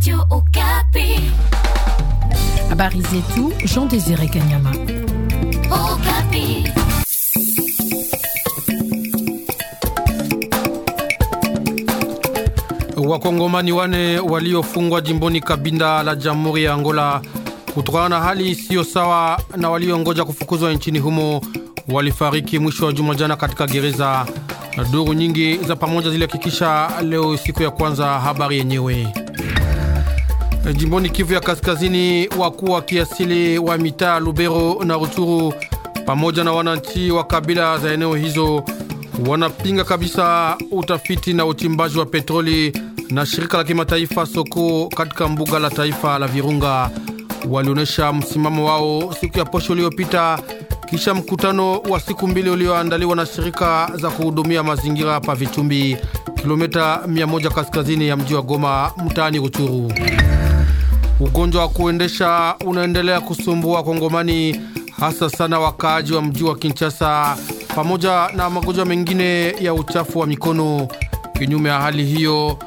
Radio Okapi. Habari zetu Jean Désiré Kanyama. Okapi. Wakongomani wane waliofungwa jimboni Kabinda la Jamhuri ya Angola kutokana na hali isiyo sawa na waliongoja kufukuzwa nchini humo walifariki mwisho wa juma jana katika gereza. Duru nyingi za pamoja zilihakikisha leo siku ya kwanza habari yenyewe. Eh, jimboni Kivu ya Kaskazini, wakuu wa kiasili wa mitaa Lubero na ruchuru pamoja na wananchi wa kabila za eneo hizo wanapinga kabisa utafiti na uchimbaji wa petroli na shirika la kimataifa Soko katika mbuga la taifa la Virunga. Walionyesha msimamo wao siku ya posho uliyopita kisha mkutano wa siku mbili ulioandaliwa na shirika za kuhudumia mazingira pa Vitumbi, kilomita 100 kaskazini ya mji wa Goma, mtaani Ruchuru. Ugonjwa wa kuendesha unaendelea kusumbua Kongomani, hasa sana wakaaji wa mji wa Kinshasa, pamoja na magonjwa mengine ya uchafu wa mikono. Kinyume ya hali hiyo,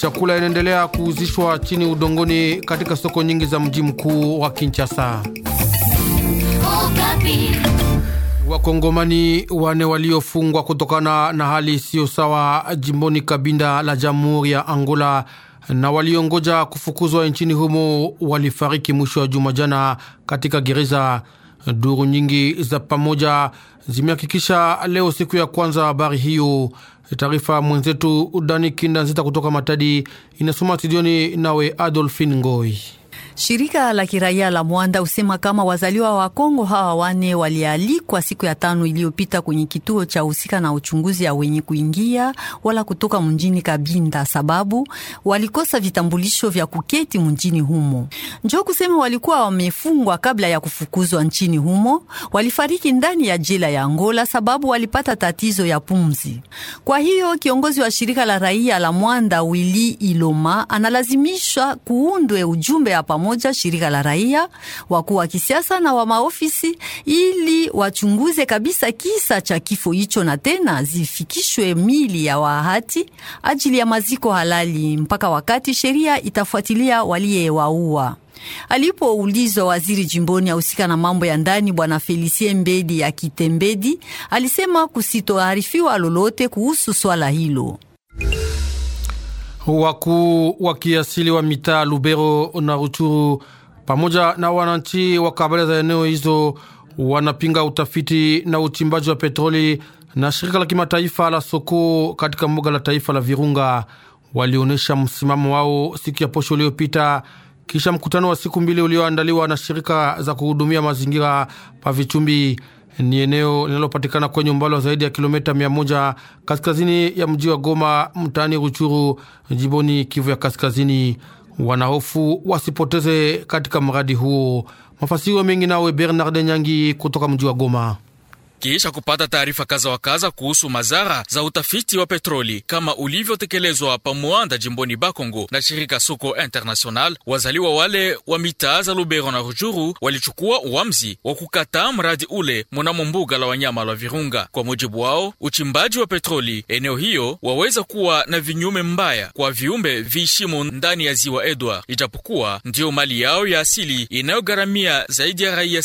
chakula inaendelea kuuzishwa chini udongoni katika soko nyingi za mji mkuu wa Kinshasa. Wakongomani wane waliofungwa kutokana na hali isiyo sawa jimboni Kabinda la Jamhuri ya Angola na waliongoja kufukuzwa nchini humo walifariki mwisho wa juma jana katika gereza. Duru nyingi za pamoja zimehakikisha leo siku ya kwanza habari hiyo. Taarifa mwenzetu Kinda Kindanzita kutoka Matadi inasoma studioni nawe Adolfin Ngoi. Shirika la kiraia la Mwanda husema kama wazaliwa wa Kongo hawa wane walialikwa siku ya tano iliyopita kwenye kituo cha husika na uchunguzi ya wenye kuingia wala kutoka mjini Kabinda, sababu walikosa vitambulisho vya kuketi mjini humo. Njo kusema walikuwa wamefungwa kabla ya kufukuzwa nchini humo. Walifariki ndani ya jela ya Angola sababu walipata tatizo ya pumzi. Kwa hiyo kiongozi wa shirika la raia la Mwanda Wili Iloma analazimishwa kuundwe ujumbe hapa pamoja shirika la raia, wakuu wa kisiasa na wa maofisi ili wachunguze kabisa kisa cha kifo hicho, na tena zifikishwe mili ya wahati ajili ya maziko halali mpaka wakati sheria itafuatilia waliyewaua. Alipoulizwa waziri jimboni ahusika na mambo ya ndani bwana Felicien Mbedi ya Kitembedi alisema kusitoarifiwa lolote kuhusu swala hilo. Wakuu wa kiasili wa mitaa Lubero na Ruchuru pamoja na wananchi wa kabila za eneo hizo wanapinga utafiti na uchimbaji wa petroli na shirika la kimataifa la soko katika mbuga la taifa la Virunga. Walionyesha msimamo wao siku ya posho uliyopita kisha mkutano wa siku mbili ulioandaliwa na shirika za kuhudumia mazingira pa Vichumbi ni eneo linalopatikana kwenye umbali wa zaidi ya kilomita mia moja kaskazini ya mji wa Goma, mtaani Ruchuru, jiboni Kivu ya Kaskazini. Wanahofu wasipoteze katika mradi huo. Mafasiriwa mengi nawe Bernard Nyangi kutoka mji wa Goma kisha kupata taarifa kaza wa kaza kuhusu madhara za utafiti wa petroli kama ulivyotekelezwa pa mwanda jimboni Bakongo na shirika Soko International. Wazaliwa wale wa mitaa za Lubero na Rujuru walichukua uwamzi wa kukataa mradi ule mnamo mbuga la wanyama la Virunga. Kwa mujibu wao, uchimbaji wa petroli eneo hiyo waweza kuwa na vinyume mbaya kwa viumbe viishimo ndani ya ziwa Edward, ijapokuwa ndiyo mali yao ya asili inayogharamia zaidi ya raia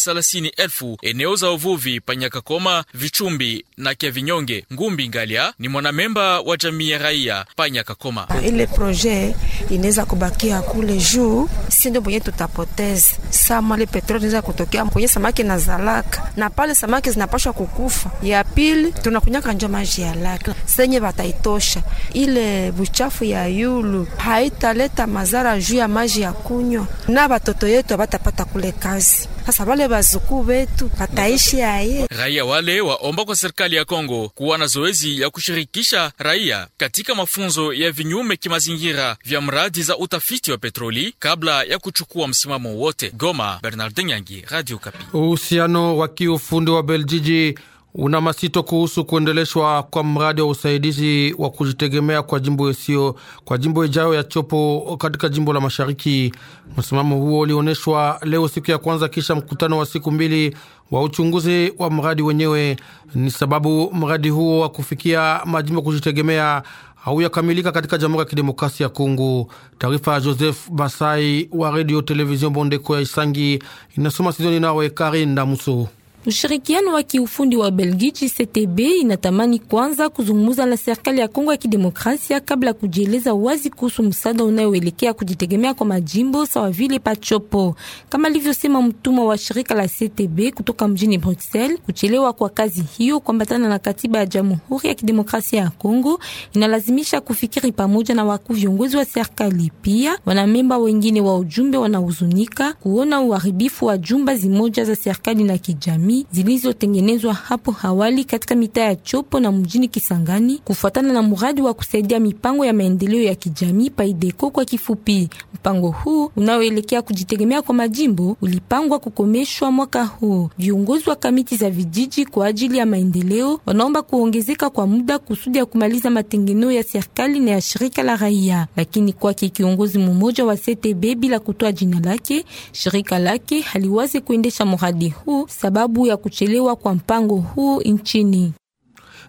elfu eneo za uvuvi panyakako Goma, Vichumbi na Kyavinyonge. Ngumbi Ngalia ni mwanamemba wa jamii ya raia Panya Kakoma. Ile proje inaweza kubakia kule juu, si ndio mwenye tutapoteza sama ile petroli inaweza kutokea kwenye samaki na zalaka, na pale samaki zinapashwa kukufa. Ya pili tunakunyaka njo maji ya laka senye vataitosha ile buchafu ya yulu haitaleta mazara juu ya maji ya kunywa, na batoto yetu abatapata kule kazi sasa wale wazukuu wetu pataishi aye. Raia wale waomba kwa serikali ya Kongo kuwa na zoezi ya kushirikisha raia katika mafunzo ya vinyume kimazingira vya mradi za utafiti wa petroli kabla ya kuchukua msimamo wote. Goma, Bernard Nyangi, Radio Kapi. Uhusiano wa kiufundi wa Beljiji una masito kuhusu kuendeleshwa kwa mradi wa usaidizi wa kujitegemea kwa jimbo isiyo kwa jimbo ijayo ya Chopo katika jimbo la Mashariki. Msimamo huo ulionyeshwa leo siku ya kwanza kisha mkutano wa siku mbili wa uchunguzi wa mradi wenyewe. Ni sababu mradi huo wa kufikia majimbo kujitegemea hauyakamilika katika Jamhuri ya Kidemokrasia ya Kongo. Taarifa ya Joseph Basai wa Radio Television Bondeko ya Isangi inasoma Sizoni nawe Karin Damuso. Ushirikiano wa kiufundi wa Belgiji CTB inatamani kwanza kuzungumza na serikali ya Kongo ya Kidemokrasia kabla ya kujieleza wazi kuhusu msaada unayoelekea kujitegemea kwa majimbo sawa vile Pachopo, kama alivyosema mtumwa wa shirika la CTB kutoka mjini Bruxelles. Kuchelewa kwa kazi hiyo kuambatana na katiba ya Jamhuri ya Kidemokrasia ya Kongo inalazimisha kufikiri pamoja na wakuu viongozi wa serikali. Pia wanamemba wengine wa ujumbe wanahuzunika kuona uharibifu wa jumba zimoja za serikali na kijamii jamii zilizotengenezwa hapo awali katika mitaa ya Chopo na mjini Kisangani kufuatana na mradi wa kusaidia mipango ya maendeleo ya kijamii Paideko kwa kifupi. Mpango huu unaoelekea kujitegemea kwa majimbo ulipangwa kukomeshwa mwaka huu. Viongozi wa kamiti za vijiji kwa ajili ya maendeleo wanaomba kuongezeka kwa muda kusudi ya kumaliza matengenezo ya serikali na ya shirika la raia, lakini kwake kiongozi mmoja wa CTB bila kutoa jina lake, shirika lake haliwazi kuendesha mradi huu sababu sababu ya kuchelewa kwa mpango huu nchini.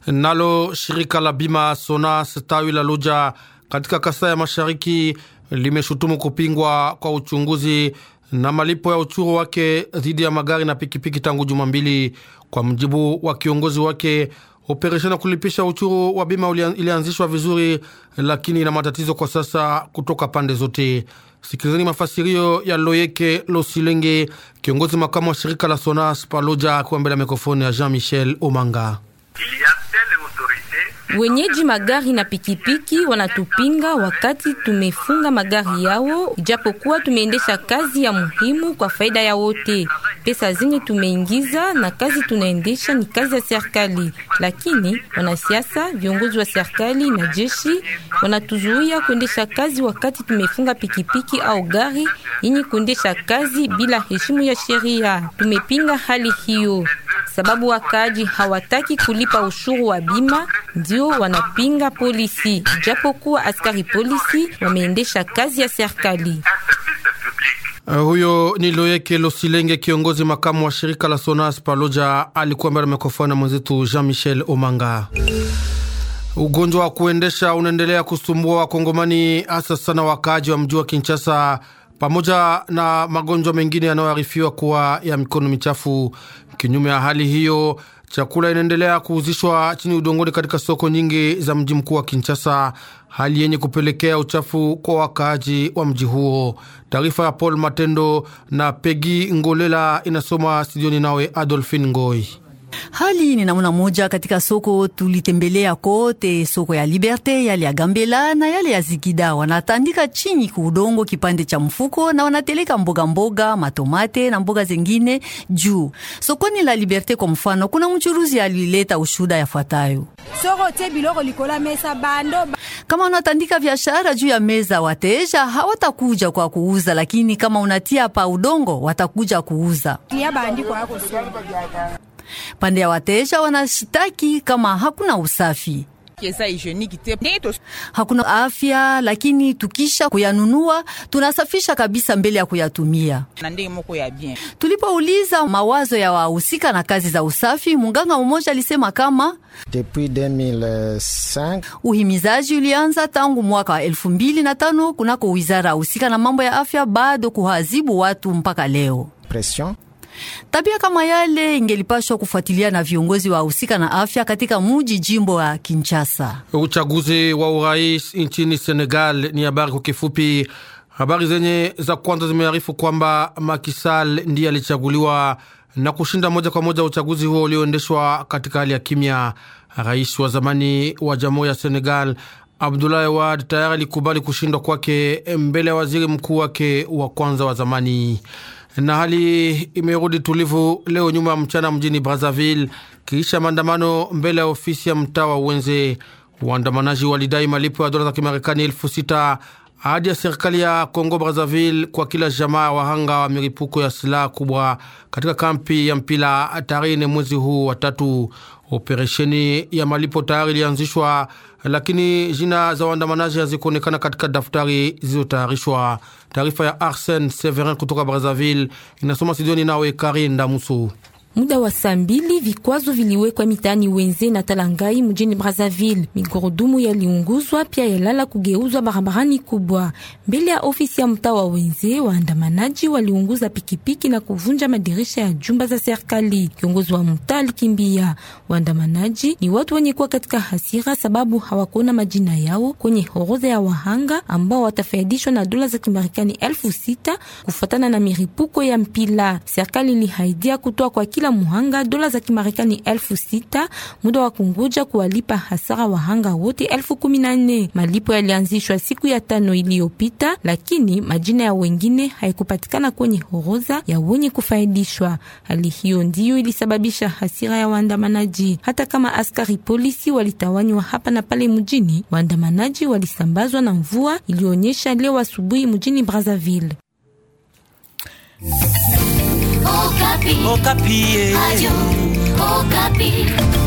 Nalo shirika la bima SONAS tawi la Luja katika kasa ya Mashariki limeshutumu kupingwa kwa uchunguzi na malipo ya uchuru wake dhidi ya magari na pikipiki tangu juma mbili, kwa mjibu wa kiongozi wake. Operesheni ya kulipisha uchuru wa bima ilianzishwa vizuri, lakini ina matatizo kwa sasa kutoka pande zote. Sikilizeni mafasirio ya Loyeke Losilenge, kiongozi makamu wa shirika la Sonas Paloja, akiwa mbele ya mikrofoni ya Jean Michel Omanga. Wenyeji magari na pikipiki wanatupinga wakati tumefunga magari yao, japokuwa tumeendesha kazi ya muhimu kwa faida ya wote. Pesa zenye tumeingiza na kazi tunaendesha ni kazi ya serikali, lakini wanasiasa, viongozi wa serikali na jeshi wanatuzuia kuendesha kazi wakati tumefunga pikipiki au gari yenye kuendesha kazi bila heshimu ya sheria. Tumepinga hali hiyo sababu wakaaji hawataki kulipa ushuru wa bima ndio wanapinga polisi, japokuwa askari polisi wameendesha kazi ya serikali. Uh, huyo ni Loyeke Losilenge, kiongozi makamu wa shirika la Sonas Paloja, alikuwa mbele ya mikrofoni na mwenzetu Jean Michel Omanga. Ugonjwa wa kuendesha unaendelea kusumbua wakongomani hasa sana wakaaji wa mji wa Kinshasa, pamoja na magonjwa mengine yanayoarifiwa kuwa ya mikono michafu. Kinyume ya hali hiyo, Chakula inaendelea kuuzishwa chini udongoni katika soko nyingi za mji mkuu wa Kinshasa, hali yenye kupelekea uchafu kwa wakaaji wa mji huo. Taarifa ya Paul Matendo na Pegi Ngolela inasoma studioni nawe adolfin Ngoi. Hali ni namuna moja katika soko tulitembelea kote, soko ya Liberte, yale ya Gambela na yale ya Zigida. Wanatandika chini ku udongo kipande cha mfuko na wanateleka mboga mboga, matomate na mboga zengine juu. Sokoni la Liberte kwa mfano, kuna mchuruzi alileta ushuda yafuatayo. Soko te biloko likola mesa bando. Kama unatandika biashara juu ya meza, wateja hawatakuja kwa kuuza, lakini kama unatia pa udongo watakuja kuuza. Pande ya wateja wanashitaki kama hakuna usafi hakuna afya, lakini tukisha kuyanunua tunasafisha kabisa mbele ya kuyatumia. Tulipouliza mawazo ya wahusika na kazi za usafi, munganga mmoja alisema kama Depuis 2005 uhimizaji ulianza tangu mwaka wa elfu mbili na tano kunako wizara husika na mambo ya afya, bado kuhazibu watu mpaka leo Pression. Tabia kama yale ingelipashwa kufuatilia na viongozi wa husika na afya katika muji jimbo wa Kinshasa. Uchaguzi wa urais nchini Senegal ni habari kwa kifupi. Habari zenye za kwanza zimearifu kwamba Makisal ndiye alichaguliwa na kushinda moja kwa moja uchaguzi huo ulioendeshwa katika hali ya kimya. Rais wa zamani wa jamhuri ya Senegal Abdoulaye ewad tayari alikubali kushindwa kwake mbele ya waziri mkuu wake wa kwanza wa zamani na hali imerudi tulivu leo nyuma ya mchana mjini Brazzaville kisha maandamano mbele ya ofisi ya mtaa wa Uwenze. Waandamanaji walidai malipo ya dola za Kimarekani elfu sita hadi ya serikali ya congo Brazzaville kwa kila jamaa ya wahanga wa milipuko ya silaha kubwa katika kampi ya Mpila tarehe ne mwezi huu wa tatu. Operesheni ya malipo tayari ilianzishwa, lakini jina za waandamanaji hazikuonekana katika daftari zilizotayarishwa. Taarifa ya Arsen Severin kutoka Brazzaville inasoma studioni nawe Karinda Musu. Muda wa saa mbili vikwazo viliwekwa mitaani Wenze na Talangai mjini Brazzaville. Migurudumu yaliunguzwa pia yalala kugeuzwa barabarani kubwa. Mbele ya ofisi ya mtaa wa Wenze, waandamanaji waliunguza pikipiki na kuvunja madirisha ya jumba za serikali. Kiongozi wa mtaa alikimbia. Waandamanaji ni watu wenye kuwa katika hasira sababu hawakuona majina yao kwenye horoza ya wahanga ambao watafaidishwa na dola za Kimarekani elfu sita kufuatana na miripuko ya mpila. Serikali ilihaidia kutoa kwa kila kila muhanga dola za Kimarekani elfu sita muda wa kungoja kuwalipa hasara wahanga wote elfu kumi na nne. Malipo yalianzishwa siku ya tano iliyopita, lakini majina ya wengine haikupatikana kwenye horoza ya wenye kufaidishwa. Hali hiyo ndiyo ilisababisha hasira ya waandamanaji. Hata kama askari polisi walitawanywa hapa na pale mjini, waandamanaji walisambazwa na mvua ilionyesha leo asubuhi mjini Brazzaville. Okapi. o Okapi.